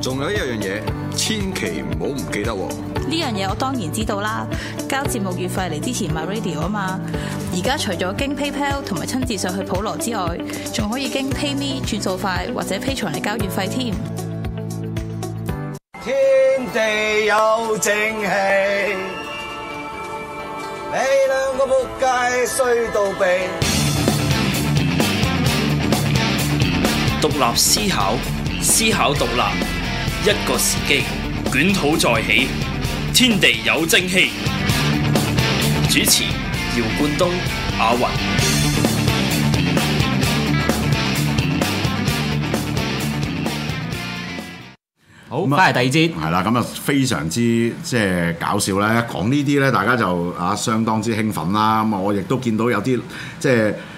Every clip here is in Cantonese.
仲有一樣嘢，千祈唔好唔記得喎！呢樣嘢我當然知道啦，交節目月費嚟支持 MyRadio 啊嘛！而家除咗經 PayPal 同埋親自上去普羅之外，仲可以經 PayMe 轉數快或者 Patreon 嚟交月費添。天地有正氣，你兩個仆街衰到痹！獨立思考，思考獨立。一個時機，捲土再起，天地有正氣。主持：姚冠東、阿雲。好，翻嚟第二節，係啦，咁啊非常之即係搞笑咧。講呢啲咧，大家就啊相當之興奮啦。咁我亦都見到有啲即係。就是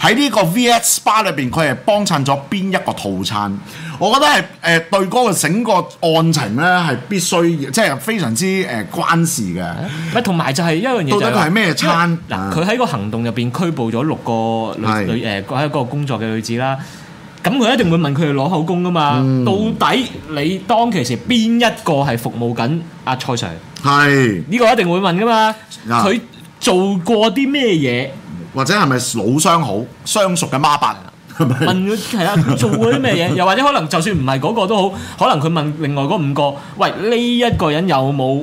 喺呢個 VS Spa 裏邊，佢係幫襯咗邊一個套餐？我覺得係誒、呃、對嗰個整個案情咧係必須，即係非常之誒、呃、關事嘅。唔係同埋就係一樣嘢，到底佢係咩餐？嗱、呃，佢喺個行動入邊拘捕咗六個女女誒喺嗰個工作嘅女子啦。咁佢一定會問佢哋攞口供㗎嘛？嗯、到底你當其時邊一個係服務緊阿蔡 Sir？係呢是個一定會問㗎嘛？佢做過啲咩嘢？或者係咪老相好、相熟嘅孖伯係咪啊？問咗係啊，做過啲咩嘢？又或者可能就算唔係嗰個都好，可能佢問另外嗰五個：喂，呢、這、一個人有冇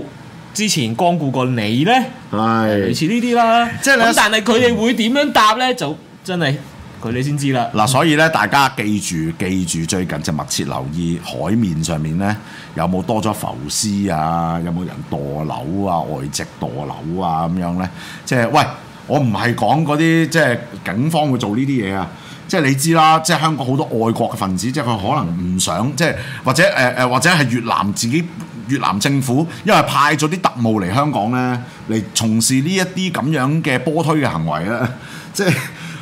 之前光顧過你咧？係是類似呢啲啦。即係、嗯、但係佢哋會點樣答咧？就真係佢哋先知啦。嗱、啊，嗯、所以咧，大家記住，記住最近就密切留意海面上面咧，有冇多咗浮屍啊？有冇人墮樓啊？外籍墮樓啊？咁樣咧，即、就、係、是、喂。我唔係講嗰啲即係警方會做呢啲嘢啊！即係你知啦，即係香港好多外國嘅分子，即係佢可能唔想即係，或者誒誒、呃，或者係越南自己越南政府，因為派咗啲特務嚟香港咧，嚟從事呢一啲咁樣嘅波推嘅行為咧，即係。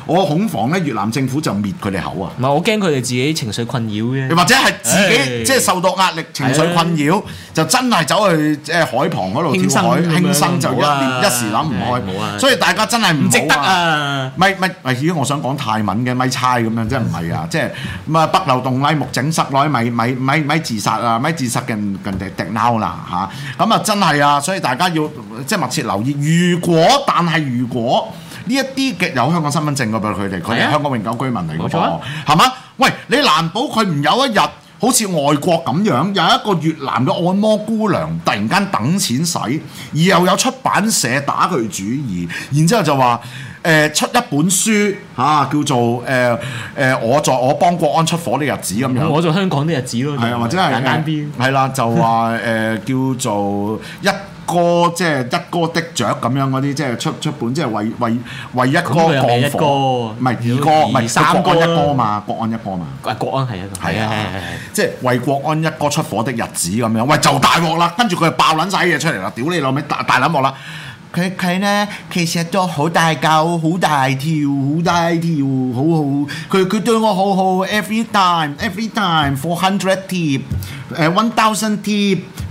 我恐防咧，越南政府就滅佢哋口啊！唔係，我驚佢哋自己情緒困擾嘅，或者係自己即係受到壓力情緒困擾，就真係走去即係海旁嗰度跳海，輕生就一時諗唔開。所以大家真係唔值得啊！咪，係唔係，而家我想講泰文嘅咪猜咁樣，即係唔係啊？即係咁啊！北流動禮木整失內咪咪咪咪自殺啊！咪自殺嘅人哋跌鬧啦嚇！咁啊真係啊，所以大家要即係密切留意。如果但係如果。呢一啲嘅有香港身份證㗎佢哋，佢哋香港永久居民嚟㗎，係嘛、啊？喂，你難保佢唔有一日好似外國咁樣，有一個越南嘅按摩姑娘突然間等錢使，而又有出版社打佢主意，然之後就話誒、呃、出一本書嚇、啊，叫做誒誒、呃呃、我在我幫國安出火的日子咁、嗯、樣，嗯、我做香港啲日子咯，係啊，或者係簡單啦、啊，就話誒、呃、叫做 一。哥即係一哥、就是、的著咁樣嗰啲，即係出出本，即、就、係、是、為為為一哥放火，唔係二哥，唔係三哥一哥嘛，國安一哥嘛。喂，國安係一,一個。係啊，即係為國安一哥出火的日子咁樣，喂就大鑊啦，跟住佢又爆撚晒嘢出嚟啦，屌你老味，大大鑊啦。佢佢咧，其實都好大嚿，好大條，好大條，好好。佢佢對我好好，every time，every time，four hundred tip，誒、uh,，one thousand tip。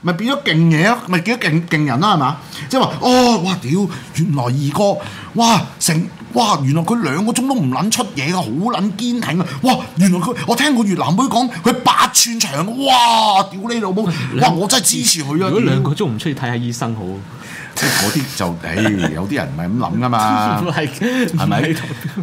咪變咗勁嘢咯，咪變咗勁勁人啦，係嘛？即係話哦，哇屌，原來二哥，哇成，哇原來佢兩個鐘都唔撚出嘢㗎，好撚堅挺啊！哇，原來佢，我聽過越南妹講，佢八寸長，哇屌你老母，哇，哇我真係支持佢啊！如果兩個鐘唔出去睇下醫生好。 即係嗰啲就誒、欸，有啲人唔係咁諗噶嘛，係咪？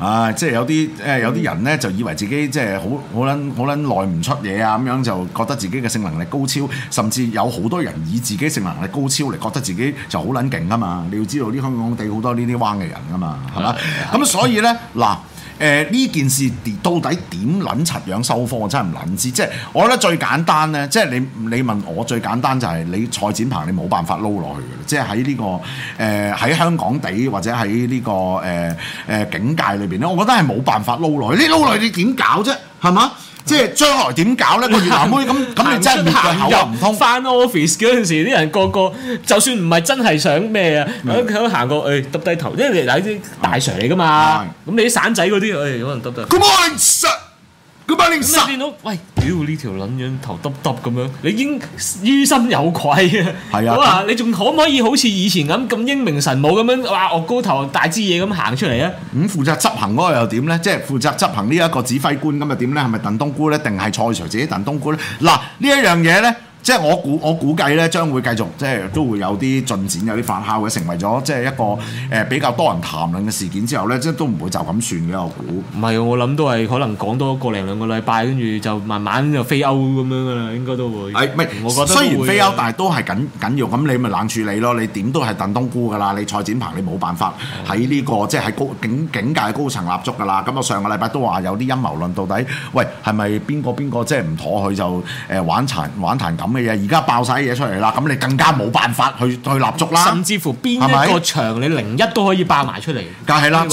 啊，即係有啲誒，有啲人咧就以為自己即係好好撚好撚耐唔出嘢啊，咁樣就覺得自己嘅性能力高超，甚至有好多人以自己性能力高超嚟覺得自己就好撚勁噶嘛。你要知道，啲香港地好多呢啲彎嘅人噶嘛，係嘛？咁 所以咧嗱。誒呢、呃、件事到底點撚柒樣收科啊！我真係唔撚知，即係我覺得最簡單呢，即係你你問我最簡單就係、是、你蔡展鵬你冇辦法撈落去嘅，即係喺呢個誒喺、呃、香港地或者喺呢、這個誒誒警界裏邊咧，我覺得係冇辦法撈落去，你撈落去，去你點搞啫？係嘛？即係將來點搞咧？個越南妹咁咁，你真係越唔通翻 office 嗰陣時，啲人個個、嗯、就算唔係真係想咩啊，佢都行過誒，揼低頭，因為你係啲大 Sir 嚟噶嘛，咁、嗯、你啲散仔嗰啲誒可能揼得。哎百十，變到喂，屌呢條撚樣頭耷耷咁樣，你已經於心有愧啊！係啊， 你仲可唔可以好似以前咁咁英明神武咁樣，哇，我高頭大支嘢咁行出嚟啊？咁、嗯、負責執行嗰個又點咧？即係負責執行呢一個指揮官咁啊？點咧？係咪鄧冬菇咧？定係蔡徐姐鄧冬菇咧？嗱，呢一樣嘢咧。即係我估我估計咧，將會繼續即係都會有啲進展，有啲發酵嘅，成為咗即係一個誒比較多人談論嘅事件之後咧，即係都唔會就咁算嘅。我估唔係，我諗都係可能講多個零兩個禮拜，跟住就慢慢就飛歐咁樣噶啦，應該都會。誒唔係，我覺得雖然飛歐，但係都係緊緊要咁，你咪冷處理咯。你點都係燉冬菇噶啦，你蔡展鵬，你冇辦法喺呢個即係喺高警警界高層立足噶啦。咁我上個禮拜都話有啲陰謀論，到底喂係咪邊個邊個即係唔妥佢就誒玩殘玩殘咁？而家爆晒嘢出嚟啦，咁你更加冇辦法去去立足啦，甚至乎邊一個場是是你零一都可以爆埋出嚟，梗係啦，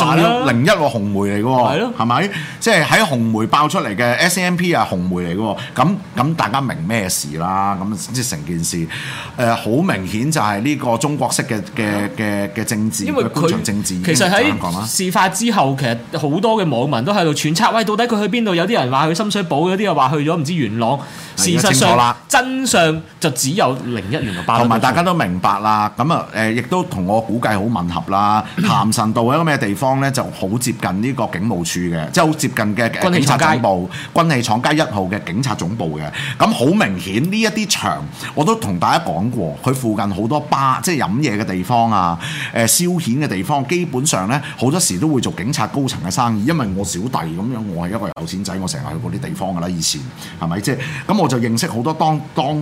零一個紅梅嚟嘅喎，係咯，係咪？即係喺紅梅爆出嚟嘅 S M P 啊，紅梅嚟嘅喎，咁咁大家明咩事啦？咁即係成件事，誒、呃、好明顯就係呢個中國式嘅嘅嘅嘅政治，因為佢個場政治已經其實喺事發之後，其實好多嘅網民都喺度揣測，喂、哎，到底佢去邊度？有啲人話去深水埗，有啲又話去咗唔知元朗。事實上，真上就只有零一年嘅巴，同埋大家都明白啦，咁啊誒亦都同我估計好吻合啦。譚臣道喺咩地方咧？就好接近呢個警務處嘅，即係好接近嘅警察總部。軍器廠街，軍器廠街一號嘅警察總部嘅，咁好明顯呢一啲場我都同大家講過，佢附近好多巴，即係飲嘢嘅地方啊，誒消遣嘅地方，基本上咧好多時都會做警察高層嘅生意。因為我小弟咁樣我係一個有錢仔，我成日去嗰啲地方噶啦，以前係咪即係咁？我就認識好多當當。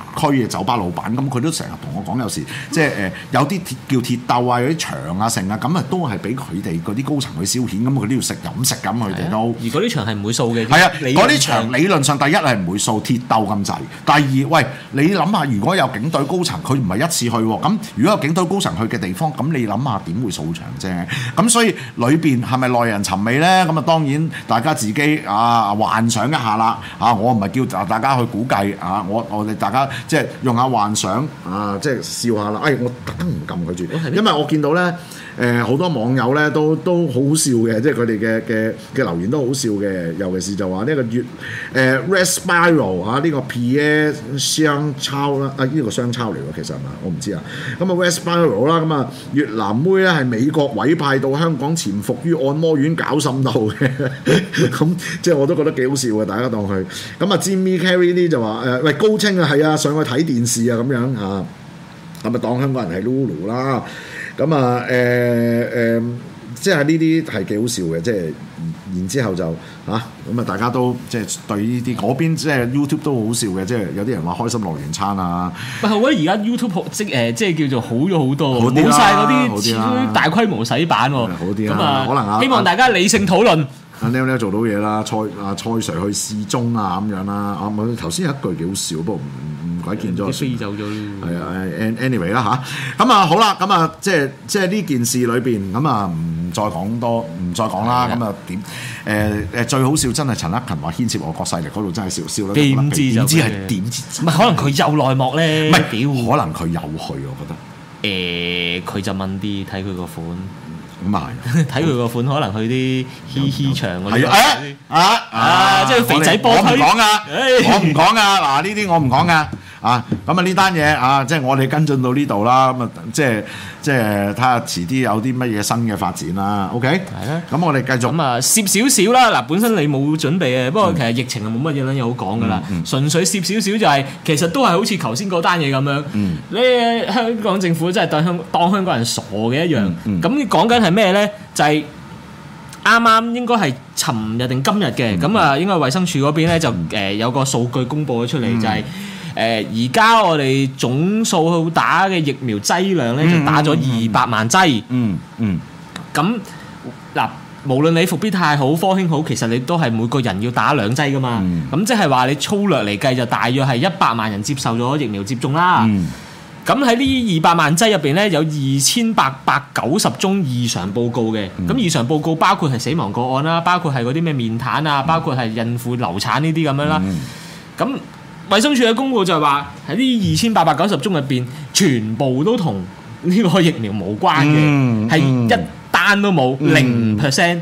區嘅酒吧老闆咁，佢都成日同我講，有時即係誒有啲鐵叫鐵鬥啊，嗰啲牆啊，成啊咁啊，都係俾佢哋嗰啲高層去消遣咁，佢都要食飲食咁，佢哋的都而嗰啲牆係唔會掃嘅。係啊的，嗰啲牆理論上，理論上第一係唔會掃鐵鬥咁滯，第二喂，你諗下如果有警隊高層佢唔係一次去喎，咁如果有警隊高層去嘅地方，咁你諗下點會掃牆啫？咁所以裏邊係咪耐人尋味呢？咁啊當然大家自己啊幻想一下啦，啊我唔係叫大家去估計啊，我我哋大家。即係用下幻想啊！即係笑下啦，哎，我特登唔撳佢住，嗎因為我見到咧。誒好多網友咧都都好笑嘅，即係佢哋嘅嘅嘅留言都好笑嘅，尤其是就話呢個、呃、r 誒 w e s p i r a l o、啊、呢、這個 p a、啊這個、雙抄啦，啊呢個雙抄嚟㗎，其實係嘛，我唔知啊。咁啊 w e s p i r a l 啦，咁啊越南妹咧係美國委派到香港潛伏於按摩院搞滲透嘅，咁、嗯、即係我都覺得幾好笑㗎，大家當佢。咁啊 Jimmy Carrey 呢就話誒喂高清啊係啊，上去睇電視啊咁樣啊，係咪當香港人係 Lulu 啦？咁、呃呃、啊，誒誒，即係呢啲係幾好笑嘅，即係然之後就啊，咁啊大家都即係對呢啲嗰邊即係 YouTube 都好笑嘅，即係有啲人話開心樂園餐啊。唔係，我覺得而家 YouTube 即誒即係叫做好咗好多，好晒嗰啲大規模洗版喎。好啲啊，啊嗯、啊可能啊，希望大家理性討論，啊。阿、啊啊啊啊 mm, n e i n e i 做到嘢啦，蔡啊蔡 Sir 去示忠啊咁樣啦啊！我頭先一句幾好笑不過。鬼見咗，飛走咗。係啊，anyway 啦吓，咁啊，好啦，咁啊，即係即係呢件事裏邊，咁啊，唔再講多，唔再講啦。咁啊，點誒誒最好笑，真係陳克勤話牽涉我國勢力嗰度，真係笑笑啦。點知點知係點知？唔係可能佢有內幕咧。唔係，可能佢有去，我覺得。誒，佢就問啲睇佢個款。咁啊睇佢個款，可能去啲嘻嘻場嗰啲。啊啊啊！即係肥仔幫佢講唔講啊？講唔講啊？嗱呢啲我唔講噶。啊，咁啊呢單嘢啊，即係我哋跟進到呢度啦，咁啊即係即係睇下遲啲有啲乜嘢新嘅發展啦。OK，係咧、啊，咁、啊、我哋繼續咁啊，攝少少啦。嗱，本身你冇準備嘅，嗯、不過其實疫情啊冇乜嘢啦，有好講噶啦，嗯、純粹攝少少就係、是、其實都係好似頭先嗰單嘢咁樣。嗯、你香港政府真係當香當香港人傻嘅一樣。嗯，咁講緊係咩咧？就係啱啱應該係尋日定今日嘅，咁啊、嗯、應該衞生署嗰邊咧就誒有個數據公布咗出嚟、嗯就是，就係、是。誒而家我哋總數打嘅疫苗劑量咧，嗯、就打咗二百萬劑。嗯嗯，咁、嗯、嗱，無論你復必泰好，科興好，其實你都係每個人要打兩劑噶嘛。咁、嗯、即係話你粗略嚟計就大約係一百萬人接受咗疫苗接種啦。咁喺呢二百萬劑入邊咧，有二千八百九十宗異常報告嘅。咁、嗯、異常報告包括係死亡個案啦，包括係嗰啲咩面癱啊，包括係孕婦流產呢啲咁樣啦。咁、嗯嗯嗯嗯嗯嗯衞生署嘅公告就係話，喺呢二千八百九十宗入邊，全部都同呢個疫苗無關嘅，係、嗯嗯、一單都冇，零 percent。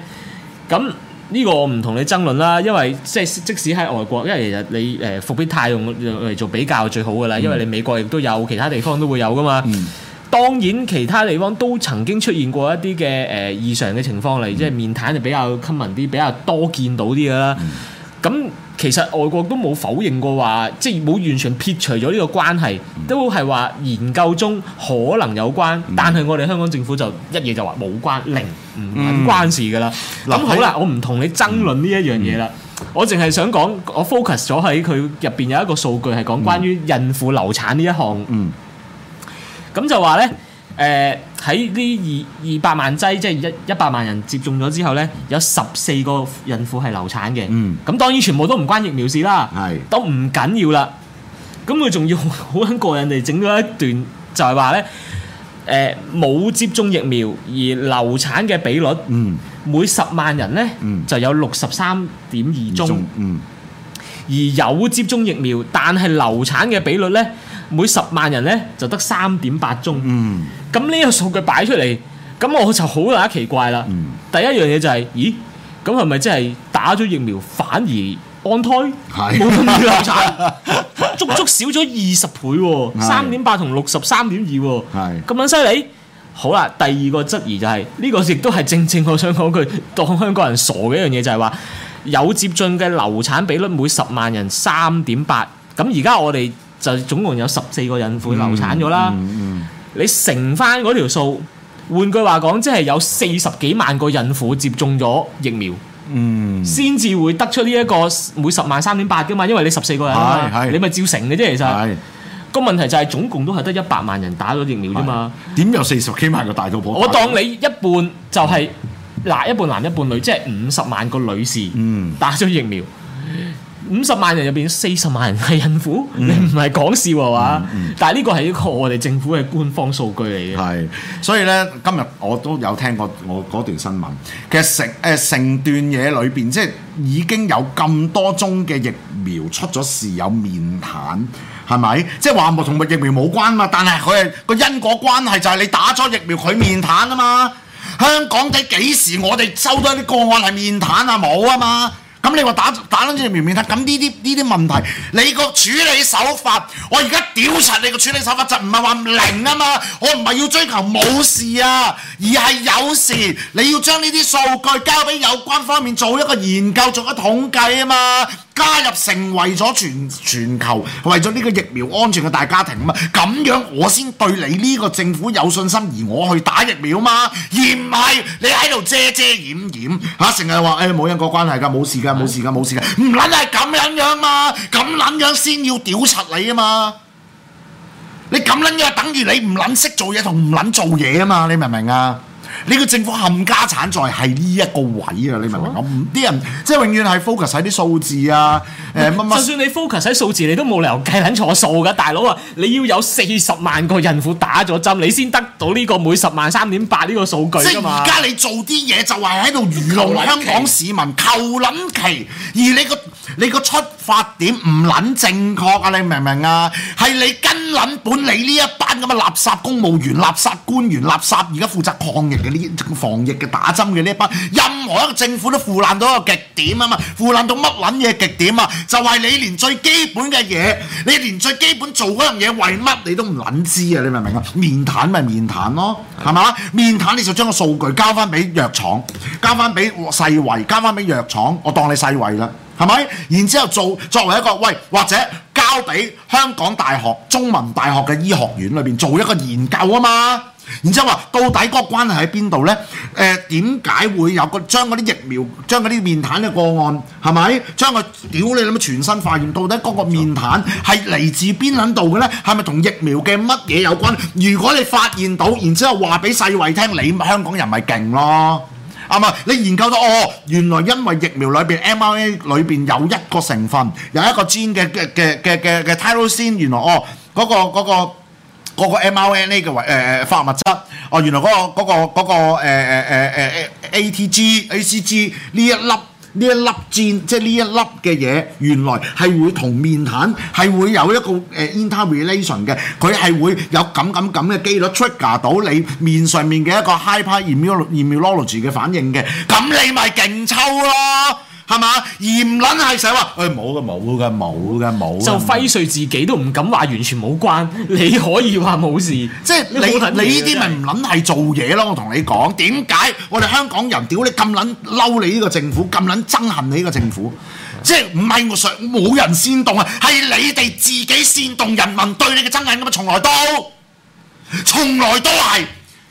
咁呢、嗯、個我唔同你爭論啦，因為即係即使喺外國，因為其實你誒復必泰用嚟做比較最好噶啦，嗯、因為你美國亦都有，其他地方都會有噶嘛。嗯、當然其他地方都曾經出現過一啲嘅誒異常嘅情況嚟，即係、嗯、面癱就比較 common 啲，比較多見到啲噶啦。嗯。咁其實外國都冇否認過話，即係冇完全撇除咗呢個關係，都係話研究中可能有關，嗯、但係我哋香港政府就一嘢就話冇關，零唔關事噶啦。咁、嗯、好啦，我唔同你爭論呢一樣嘢啦，我淨係想講我 focus 咗喺佢入邊有一個數據係講關於孕婦流產呢一項，咁、嗯、就話呢。誒喺呢二二百萬劑，即係一一百萬人接種咗之後咧，有十四個孕婦係流產嘅。嗯，咁當然全部都唔關疫苗事啦，係都唔緊要啦。咁佢仲要好很過人哋整咗一段，就係話咧，誒冇接種疫苗而流產嘅比率，嗯，每十萬人咧，嗯，就有六十三點二宗，嗯，而有接種疫苗但係流產嘅比率咧，每十萬人咧就得三點八宗，嗯。咁呢個數據擺出嚟，咁我就好難奇怪啦。嗯、第一樣嘢就係、是，咦？咁係咪真係打咗疫苗反而安胎？係是，好唔易流產， 足足少咗二十倍喎、啊，三點八同六十三點二喎，咁樣犀利。好啦，第二個質疑就係、是、呢、這個亦都係正正我想講句，當香港人傻嘅一樣嘢，就係話有接近嘅流產比率每十萬人三點八。咁而家我哋就總共有十四個孕婦流產咗啦。嗯嗯嗯。你乘翻嗰條數，換句話講，即係有四十幾萬個孕婦接種咗疫苗，嗯，先至會得出呢一個每十萬三點八嘅嘛，因為你十四個人啦你咪照乘嘅啫，其實。個問題就係、係、總共都係得一百萬人打咗疫苗啫嘛，點有四十幾萬個大肚婆？我當你一半就係、係、嗱，一半男一半女，即係五十萬個女士打咗疫苗。嗯嗯五十萬人入邊四十萬人係孕婦，嗯、你唔係講笑啊嘛？嗯嗯、但係呢個係一個我哋政府嘅官方數據嚟嘅。係，所以呢，今日我都有聽過我嗰段新聞。其實成誒、呃、成段嘢裏邊，即係已經有咁多宗嘅疫苗出咗事有面癱，係咪？即係話冇同個疫苗冇關嘛？但係佢係個因果關係就係你打咗疫苗佢面癱啊嘛？香港仔幾時我哋收到啲個案係面癱啊冇啊嘛？咁你話打打啲疫苗唔得，咁呢啲呢啲問題，你個處理手法，我而家屌柒你個處理手法就唔係話唔靈啊嘛，我唔係要追求冇事啊，而係有事，你要將呢啲數據交俾有關方面做一個研究，做一個統計啊嘛，加入成為咗全全球為咗呢個疫苗安全嘅大家庭啊嘛，咁樣我先對你呢個政府有信心，而我去打疫苗嘛，而唔係你喺度遮遮掩掩吓，成日話誒冇因果關係㗎，冇事㗎。冇事㗎，冇事㗎，唔撚係咁樣樣嘛，咁撚樣先要屌柒你啊嘛！你咁撚樣等於你唔撚識做嘢同唔撚做嘢啊嘛，你明唔明啊？你個政府冚家產在係呢一個位啊！你明唔明咁？啲、啊、人即係永遠係 focus 喺啲數字啊！誒乜乜，什麼什麼就算你 focus 喺數字，你都冇理由計撚錯數㗎，大佬啊！你要有四十萬個孕婦打咗針，你先得到呢個每十萬三點八呢個數據而即而家你做啲嘢就係喺度愚弄香港市民，求撚其！而你個你個出發點唔撚正確啊！你明唔明啊？係你根撚本你呢一班咁嘅垃圾公務員、垃圾官員、垃圾而家負責抗疫。呢防疫嘅打針嘅呢一班，任何一個政府都腐爛到一個極點啊嘛，腐爛到乜撚嘢極點啊？就係、是、你連最基本嘅嘢，你連最基本做嗰樣嘢為乜你都唔撚知啊？你明唔明啊？面癱咪面癱咯，係咪？面癱你就將個數據交翻俾藥廠，交翻俾世衞，交翻俾藥廠，我當你世衞啦，係咪？然之後做作為一個，喂或者交俾香港大學、中文大學嘅醫學院裏邊做一個研究啊嘛。然之後話到底嗰個關係喺邊度呢？誒，點解會有個將嗰啲疫苗將嗰啲面癱嘅個案係咪將個屌你咁嘅全身化驗？到底嗰個面癱係嚟自邊撚度嘅呢？係咪同疫苗嘅乜嘢有關？如果你發現到，然之後話俾世衛聽，你香港人咪勁咯？啊，唔係你研究到哦，原來因為疫苗裏邊 mRNA 裏邊有一個成分有一個基因嘅嘅嘅嘅嘅胎羅酸，原來哦嗰個嗰個。嗰個 mRNA 嘅遺誒、呃、誒化合物質哦，原來嗰、那個嗰、那個嗰、那個誒 ATG、呃呃、AT ACG 呢一粒呢一粒箭，即係呢一粒嘅嘢，原來係會同面癱係會有一個誒 interrelation 嘅，佢、呃、係會有咁咁咁嘅機率 trigger 到你面上面嘅一個 hyperimmune immunology 嘅反應嘅，咁你咪勁抽咯！係嘛？而唔撚係想話，誒冇嘅，冇嘅，冇嘅，冇嘅。就輝瑞自己都唔敢話完全冇關，你可以話冇事，即係你你呢啲咪唔撚係做嘢咯？我同你講，點解我哋香港人屌你咁撚嬲你呢個政府，咁撚憎恨你呢個政府？即係唔係我想冇人煽動啊？係你哋自己煽動，人民對你嘅憎恨咁嘛，從來都從來都係。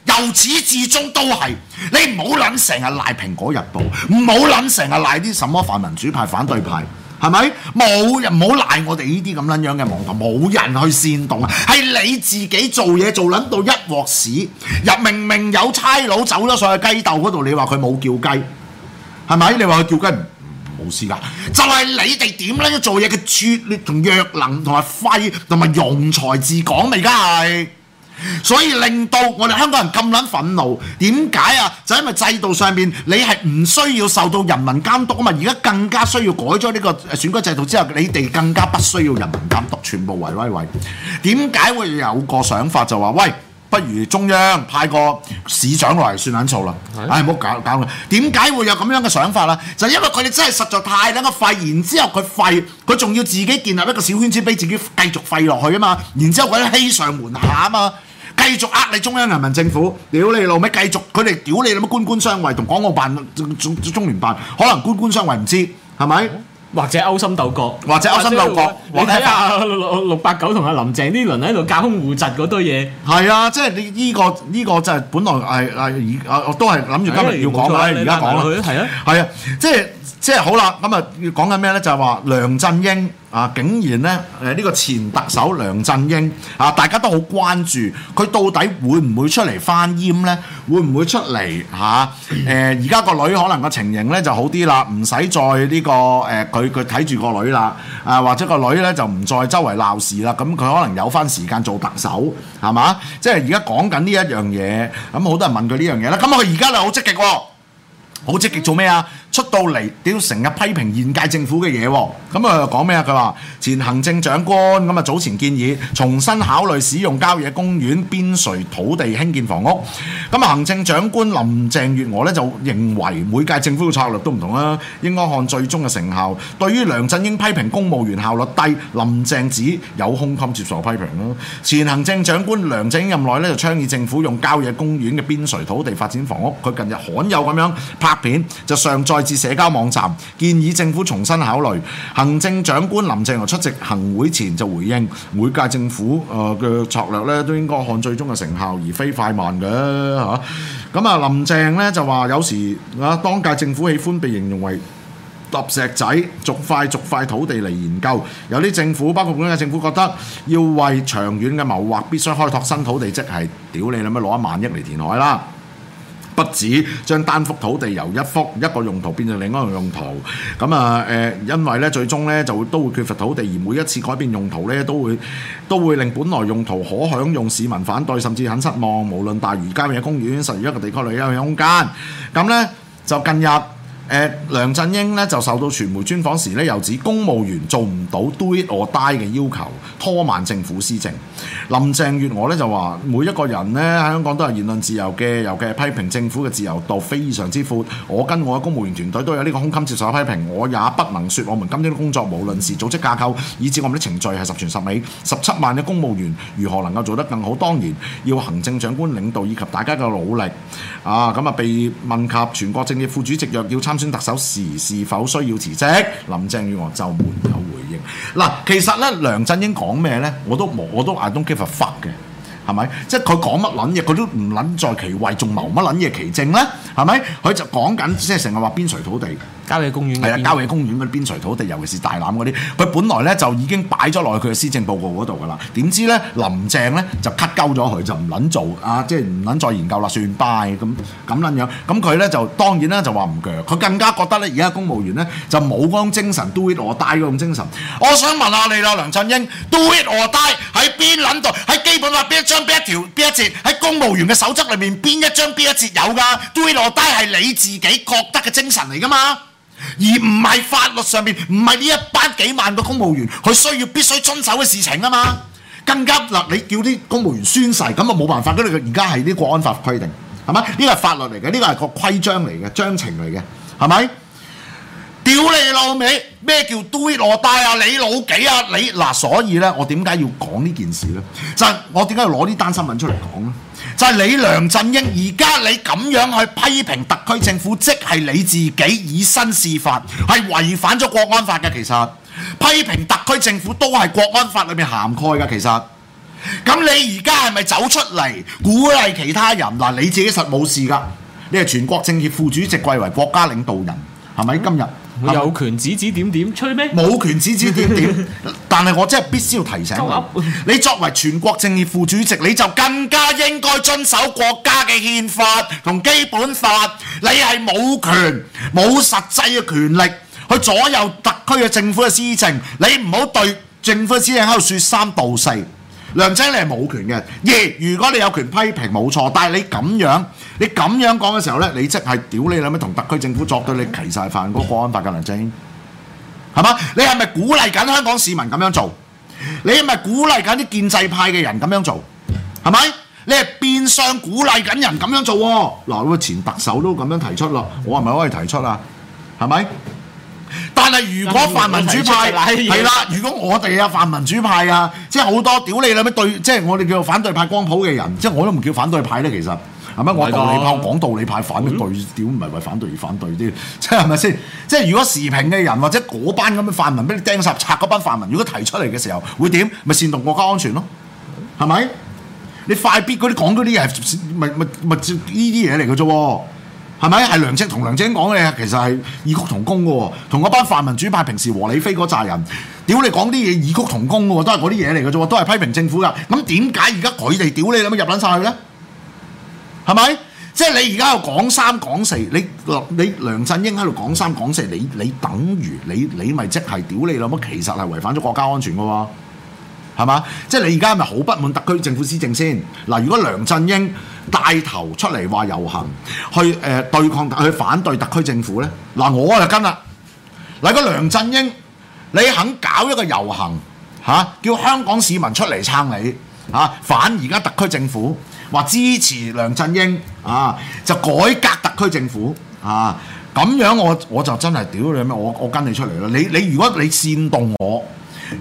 由始至終都係，你唔好諗成日賴蘋果日報，唔好諗成日賴啲什麼反民主派反對派，係咪？冇人唔好賴我哋呢啲咁捻樣嘅網站，冇人去煽動啊！係你自己做嘢做捻到一鑊屎，又明明有差佬走咗上去雞竇嗰度，你話佢冇叫雞，係咪？你話佢叫雞冇事噶，就係、是、你哋點捻做嘢嘅拙劣同弱能同埋廢同埋庸才自講嚟噶係。所以令到我哋香港人咁撚憤怒，點解啊？就因為制度上面你係唔需要受到人民監督啊嘛！而家更加需要改咗呢個選舉制度之後，你哋更加不需要人民監督，全部圍威喂。點解會有個想法就話喂，不如中央派個市長落嚟算撚數啦？唉嗎，唔好、哎、搞搞啦！點解會有咁樣嘅想法啦？就因為佢哋真係實在太撚廢，然之後佢廢，佢仲要自己建立一個小圈子俾自己繼續廢落去啊嘛！然之後佢喺欺上瞞下啊嘛！繼續呃你中央人民政府，屌你老咩！繼續，佢哋屌你老咩，官官相衛，同港澳辦、中中中聯辦，可能官官相衛唔知係咪，或者勾心鬥角，或者勾心鬥角。我睇下六六八九同阿林鄭呢輪喺度隔空互窒嗰堆嘢，係、嗯、啊，即係你呢個呢、這個就係本來係係以，我都係諗住今日要講嘅，而家講啦，係啊，係啊，即、啊、係。即係好啦，咁啊要講緊咩呢？就係話梁振英啊，竟然呢，誒、呃、呢、呢個前特首梁振英啊，大家都好關注佢到底會唔會出嚟翻閹呢？會唔會出嚟嚇？誒而家個女可能個情形呢就好啲啦，唔使再呢、呢個誒佢佢睇住個女啦，啊或者個女呢就唔再周圍鬧事啦，咁、啊、佢可能有翻時間做特首係嘛？即係而家講緊呢一樣嘢，咁、啊、好多人問佢呢樣嘢啦。咁佢而家就好積極喎，好積極做咩啊？出到嚟，屌成日批評現屆政府嘅嘢喎，咁啊講咩啊？佢話前行政長官咁啊早前建議重新考慮使用郊野公園邊陲土地興建房屋，咁、嗯、啊行政長官林鄭月娥咧就認為每屆政府嘅策略都唔同啦，應該看最終嘅成效。對於梁振英批評公務員效率低，林鄭只有胸襟接受批評咯，前行政長官梁振英任內咧就倡議政府用郊野公園嘅邊陲土地發展房屋，佢近日罕有咁樣拍片就上載。來自社交網站，建議政府重新考慮。行政長官林鄭出席行會前就回應：每屆政府誒嘅、呃、策略咧，都應該看最終嘅成效，而非快慢嘅嚇。咁啊、嗯，林鄭咧就話：有時啊，當屆政府喜歡被形容為揼石仔，逐塊逐塊土地嚟研究。有啲政府，包括本屆政府，覺得要為長遠嘅謀劃，必須開拓新土地，即係屌你啦！咩攞一萬億嚟填海啦？不止將單幅土地由一幅一個用途變成另外一個用途，咁啊誒，因為咧最終咧就都會缺乏土地，而每一次改變用途咧都會都會令本來用途可享用市民反對，甚至很失望。無論大魚街咩公園，實現一個地區內休閒空間，咁咧就近日。呃、梁振英咧就受到傳媒專訪時咧，又指公務員做唔到 do it or die 嘅要求，拖慢政府施政。林鄭月娥咧就話：每一個人咧喺香港都係言論自由嘅，尤其係批評政府嘅自由度非常之闊。我跟我嘅公務員團隊都有呢個胸襟接受批評，我也不能説我們今天嘅工作，無論是組織架構以至我哋嘅程序係十全十美。十七萬嘅公務員如何能夠做得更好？當然要行政長官領導以及大家嘅努力。啊，咁啊被問及全國政協副主席若要參，前特首是是否需要辭職？林鄭月娥就沒有回應嗱。其實咧，梁振英講咩咧，我都冇，我都 I don't give a fuck 嘅，係咪？即係佢講乜撚嘢，佢都唔撚在其位，仲謀乜撚嘢其政咧？係咪？佢就講緊即係成日話邊陲土地。郊野公園係啊！郊野公園嗰啲邊陲土地，尤其是大欖嗰啲，佢本來咧就已經擺咗落去佢嘅施政報告嗰度噶啦。點知咧，林鄭咧就 cut 鳩咗佢，就唔撚做啊！即係唔撚再研究啦，算 bye 咁咁撚樣。咁佢咧就當然啦，就話唔鋸。佢更加覺得咧，而家公務員咧就冇嗰種精神 do it or die 嗰種精神。我想問下你啦，梁振英 do it or die 喺邊撚度？喺基本法邊一章邊一條邊一節？喺公務員嘅守則裏面邊一章邊一節有㗎？do it or die 係你自己覺得嘅精神嚟㗎嘛？而唔係法律上面，唔係呢一班幾萬個公務員佢需要必須遵守嘅事情啊嘛，更加嗱你叫啲公務員宣誓咁啊冇辦法，咁你而家係啲國安法規定係嘛？呢個係法律嚟嘅，呢個係個規章嚟嘅章程嚟嘅，係咪？屌你老味，咩叫堆羅帶啊？你老幾啊？你嗱、啊，所以咧，我點解要講呢件事咧？就係、我點解要攞呢單新聞出嚟講咧？就係你梁振英，而家你咁樣去批評特區政府，即係你自己以身試法，係違反咗國安法嘅。其實批評特區政府都係國安法裏面涵蓋嘅。其實，咁你而家係咪走出嚟鼓勵其他人？嗱，你自己實冇事㗎，你係全國政協副主席，貴為國家領導人，係咪？今日？有權指指點點吹咩？冇權指指點點， 但係我真係必須要提醒你， 你作為全國政協副主席，你就更加應該遵守國家嘅憲法同基本法。你係冇權、冇實際嘅權力去左右特區嘅政府嘅施政。你唔好對政府嘅施政喺度説三道四。梁生，你係冇權嘅。耶，如果你有權批評冇錯，但係你咁樣，你咁樣講嘅時候呢，你即係屌你諗乜同特區政府作對你，你歧晒犯嗰個國安法嘅梁生，係嘛？你係咪鼓勵緊香港市民咁樣做？你係咪鼓勵緊啲建制派嘅人咁樣做？係咪？你係變相鼓勵緊人咁樣做喎、啊？嗱，如果前特首都咁樣提出咯，我係咪可以提出啊？係咪？但係如果泛民主派係啦，如果我哋啊泛民主派啊，即係好多屌你啦咩對，即係我哋叫做反對派光譜嘅人，即係我都唔叫反對派咧。其實係咪、啊、我道理派講道理派反、哦、對，屌唔係為反對而反對啲，即係係咪先？即係如果時評嘅人或者嗰班咁嘅泛民俾你釘殺拆嗰班泛民，如果提出嚟嘅時候會點？咪煽動國家安全咯、啊，係咪？你快必嗰啲講嗰啲嘢咪咪咪照呢啲嘢嚟嘅啫喎！係咪？係梁振同梁振英講嘅，其實係異曲同工嘅喎。同嗰班泛民主派平時和理非嗰扎人，屌你講啲嘢異曲同工嘅喎，都係嗰啲嘢嚟嘅啫，都係批評政府噶。咁點解而家佢哋屌你咁入撚晒去咧？係咪？即係你而家又講三講四，你你梁振英喺度講三講四，你你等於你你咪即係屌你咯？咁其實係違反咗國家安全嘅喎。係嘛？即係你而家係咪好不滿特區政府施政先嗱。如果梁振英帶頭出嚟話遊行，去誒對抗、去反對特區政府呢。嗱，我就跟啦。嗱，個梁振英，你肯搞一個遊行嚇、啊，叫香港市民出嚟撐你嚇、啊，反而家特區政府話支持梁振英啊，就改革特區政府啊，咁樣我我就真係屌你咩？我我跟你出嚟啦。你你如果你煽動我，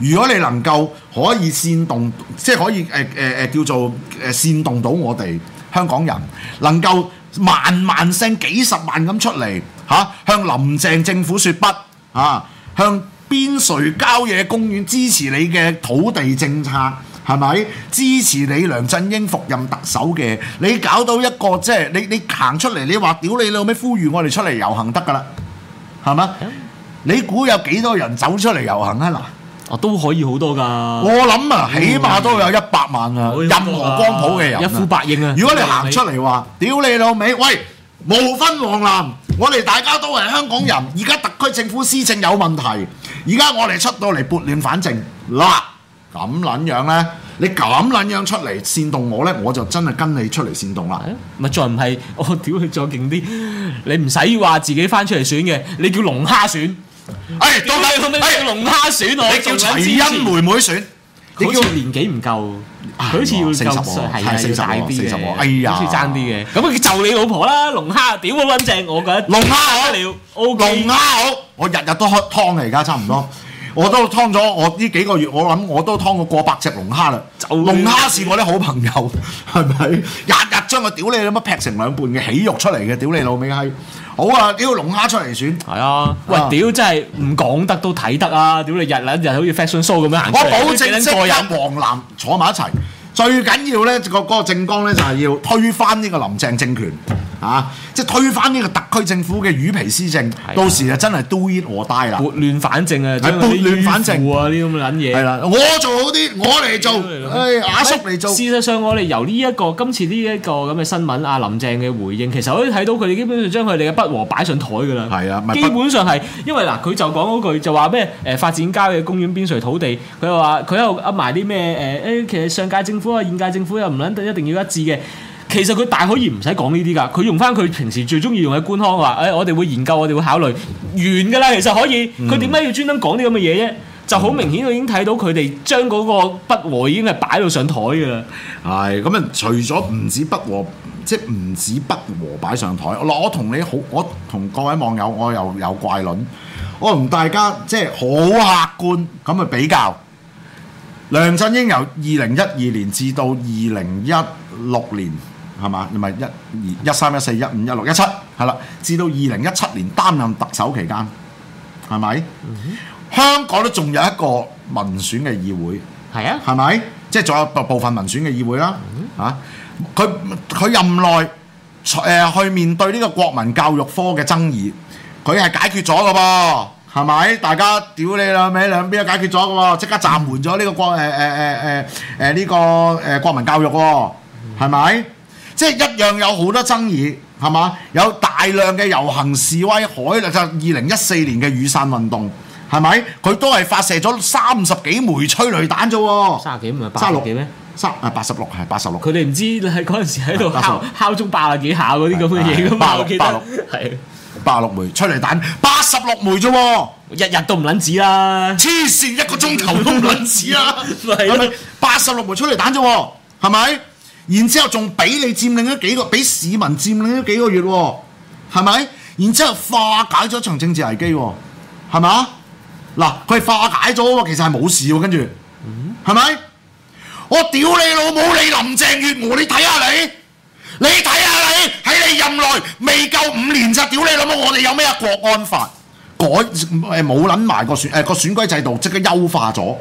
如果你能夠可以煽動，即係可以誒誒叫做誒煽動到我哋。香港人能夠萬萬聲幾十萬咁出嚟嚇、啊，向林鄭政府說不啊！向邊陲郊野公園支持你嘅土地政策係咪？支持你梁振英復任特首嘅？你搞到一個即係、就是、你你行出嚟，你話屌你老味呼籲我哋出嚟遊行得㗎啦，係嘛？嗯、你估有幾多人走出嚟遊行啊？嗱？啊、哦、都可以好多噶，我諗啊，起碼都有一百萬啊，任何光譜嘅人一呼百應啊！啊，如果你行出嚟話，嗯、屌你老味，喂，無分黃藍，嗯、我哋大家都係香港人，而家、嗯、特區政府施政有問題，而家我哋出到嚟撥亂反正，嗱，咁撚樣呢？你咁撚樣出嚟煽動我呢，我就真係跟你出嚟煽動啦。咪、啊、再唔係，我屌你再勁啲，你唔使話自己翻出嚟選嘅，你叫龍蝦選。哎，到底可唔可以叫龍蝦選啊？你叫陳欣妹妹選，好似年紀唔夠，佢好似要四十歲，係四十大 B，四十哎呀，好似爭啲嘅。咁就你老婆啦，龍蝦，屌咁溫正，我覺得龍蝦好，龍蝦好，我日日都喝湯嘅，而家差唔多。我都劏咗，我呢幾個月我諗我都劏過，過百隻龍蝦啦。龍蝦是我啲好朋友，係咪？日日將個屌你乜劈成兩半嘅起肉出嚟嘅，屌你老味閪！好啊，屌、這個、龍蝦出嚟選。係啊，喂、啊，屌真係唔講得都睇得啊！屌你日撚日，日好似 Fashion Show 咁樣行出嚟，我保證即日黃藍坐埋一齊。最緊要咧，嗰個嗰政綱咧就係要推翻呢個林鄭政權，啊！即係推翻呢個特區政府嘅魚皮施政，啊、到時啊真係 do it or die 啦，撥亂反正啊，是撥亂反正啊，啲咁嘅撚嘢係啦，我做好啲，我嚟做，做啊、阿叔嚟做。事實上我哋由呢、呢、一個今次呢一個咁嘅新聞，阿林鄭嘅回應，其實可以睇到佢哋基本上將佢哋嘅不和擺上台嘅啦。係啊，不不基本上係因為嗱，佢就講嗰句就話咩誒發展郊野公園邊陲土地，佢又話佢又噏埋啲咩誒？誒其實上街爭。都話現屆政府又唔撚得一定要一致嘅，其實佢大可以唔使講呢啲噶，佢用翻佢平時最中意用嘅官腔話，誒、哎、我哋會研究，我哋會考慮，完噶啦，其實可以。佢點解要專登講啲咁嘅嘢啫？嗯、就好明顯，佢已經睇到佢哋將嗰個不和已經係擺到上台噶啦。係咁啊，除咗唔止不和，即係唔止不和擺上台，我同你好，我同各位網友，我又有，有怪論，我同大家即係好客觀咁去比較。梁振英由二零一二年至到二零一六年係嘛？唔係一二一三一四一五一六一七係啦，至到二零一七年擔任特首期間係咪？香港都仲有一個民選嘅議會係啊，係咪？即係仲有部部分民選嘅議會啦。啊，佢佢任內誒去面對呢個國民教育科嘅爭議，佢係解決咗嘅噃。係咪？ 大家屌你啦，咪兩邊都解決咗嘅喎，即刻暫緩咗呢個國誒誒誒誒誒呢個誒、呃、國民教育喎，係咪？即係 一樣有好多爭議，係嘛？有大量嘅遊行示威，海咧就二零一四年嘅雨傘運動，係咪？佢都係發射咗三十幾枚催淚彈啫喎，三十幾唔係八十六幾咩？三 36, 啊八十六係八十六。佢哋唔知喺嗰陣時喺度敲敲鐘八十幾下嗰啲咁嘅嘢㗎嘛？六八八六枚出嚟彈，八十六枚啫，我日日都唔捻止啦，啊！黐線一個鐘頭都唔捻止啦，啊！係咪， 啊？八十六枚出嚟彈啫，係咪？然之後仲俾你佔領咗幾個，俾市民佔領咗幾個月，啊，係咪？然之後化解咗一場政治危機，啊，係咪？嗱，佢係化解咗，其實係冇事，跟住係咪？我屌你老母你林鄭月娥，你睇下你！你睇下你喺你任內未夠五年就屌你老母！我哋有咩啊？國安法改，誒冇撚埋個選誒個選舉制度，即刻優化咗，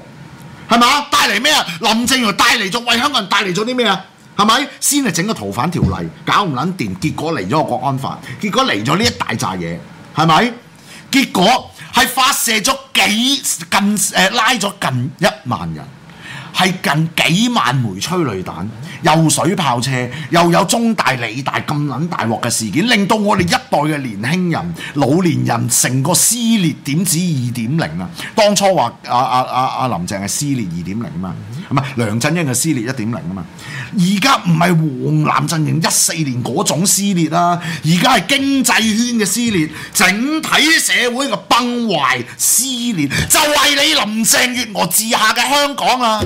係咪？帶嚟咩啊？林鄭月帶嚟咗，為香港人帶嚟咗啲咩啊？係咪先係整個逃犯條例搞唔撚掂？結果嚟咗個國安法，結果嚟咗呢一大扎嘢，係咪？結果係發射咗幾近誒拉咗近一萬人。係近幾萬枚催淚彈、又水炮車，又有中大、理大咁撚大鑊嘅事件，令到我哋一代嘅年輕人、老年人成個撕裂點止二點零啊！當初話阿阿阿阿林鄭係撕裂二點零啊嘛，唔係梁振英係撕裂一點零啊嘛，而家唔係黃藍陣營一四年嗰種撕裂啦、啊，而家係經濟圈嘅撕裂，整體社會嘅崩壞撕裂，就係、是、你林鄭月娥治下嘅香港啊！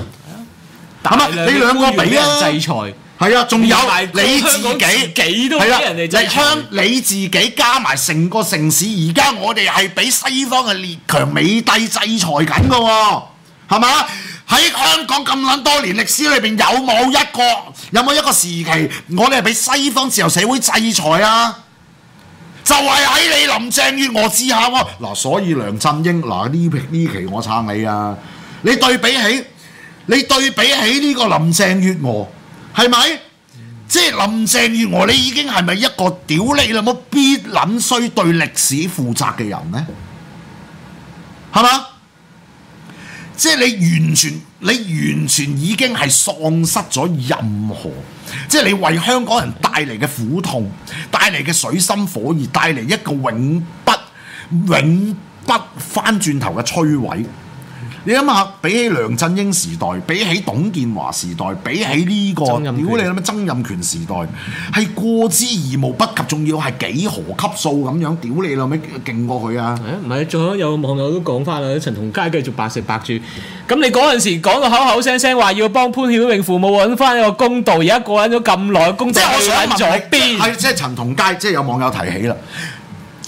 你兩個俾、啊、人制裁？係啊，仲有你自己幾多俾人嚟制裁香、啊、你，你自己加埋成個城市，而家我哋係俾西方嘅列強美帝制裁緊嘅喎，係嘛？喺香港咁撚多年歷史裏邊，有冇一個有冇一個時期，我哋係俾西方自由社會制裁啊？就係、是、喺你林鄭月娥之下喎、啊。嗱，所以梁振英，嗱呢呢期我撐你啊！你對比起？你對比起呢個林鄭月娥，係咪？即係林鄭月娥，你已經係咪一個屌你老母必撚須對歷史負責嘅人呢，係嘛？即係你完全，你完全已經係喪失咗任何，即係你為香港人帶嚟嘅苦痛，帶嚟嘅水深火熱，帶嚟一個永不、永不翻轉頭嘅摧毀。你諗下，比起梁振英時代，比起董建華時代，比起呢、這個屌你諗，曾蔭權時代係過之而無不及，仲要係幾何級數咁樣？屌你啦，咩勁過佢啊？唔係、哎，仲有有網友都講翻啦，陳同佳繼續白食白住。咁你嗰陣時講到口口聲聲話要幫潘曉穎父母揾翻一個公道，而家過緊咗咁耐，公道喺、哎、左邊。即係、就是、陳同佳，即、就、係、是、有網友提起啦。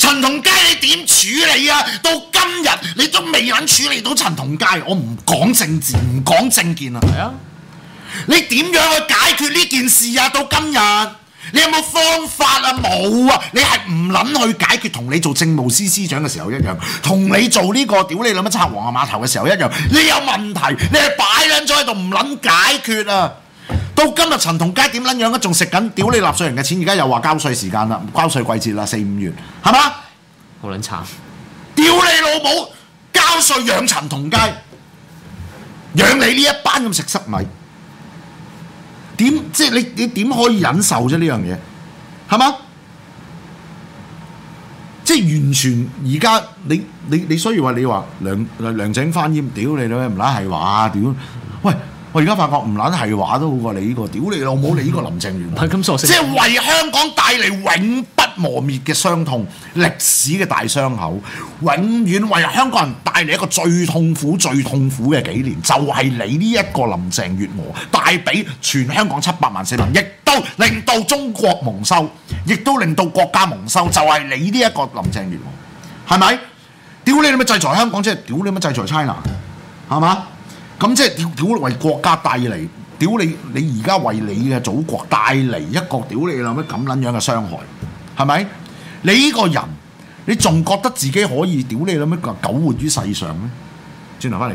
陳同佳，你點處理啊？到今日你都未能處理到陳同佳，我唔講政治，唔講政見啊。係啊，你點樣去解決呢件事啊？到今日你有冇方法啊？冇啊！你係唔諗去解決，同你做政務司司長嘅時候一樣，同你做呢、這個屌你諗乜拆皇后碼頭嘅時候一樣。你有問題，你係擺喺咗喺度唔諗解決啊！到今日陳同佳點撚樣啊？仲食緊屌你納稅人嘅錢，而家又話交稅時間啦，交稅季節啦，四五月，係嘛？好撚慘！屌你老母，交稅養陳同佳，養你呢一班咁食濕米,點即係你你點可以忍受啫？呢樣嘢係嘛？即係完全而家你你你所以話你話梁梁梁振英唸屌你老味唔拉係話屌，喂！我而家發覺唔撚係話都好過你呢個，屌你老母！你呢個林鄭月娥，即係為香港帶嚟永不磨滅嘅傷痛，歷史嘅大傷口，永遠為香港人帶嚟一個最痛苦、最痛苦嘅紀念，就係你呢一個林鄭月娥，帶俾全香港七百萬市民，亦都令到中國蒙羞，亦都令到國家蒙羞，就係你呢一個林鄭月娥，係咪？屌你！你乜制裁香港即係！屌你！乜制裁 China，係嘛？咁即係屌，屌你為國家帶嚟，屌你，你而家為你嘅祖國帶嚟一個屌你啦咩咁撚樣嘅傷害，係咪？你呢個人，你仲覺得自己可以屌你啦咩苟活於世上咩？轉頭翻嚟。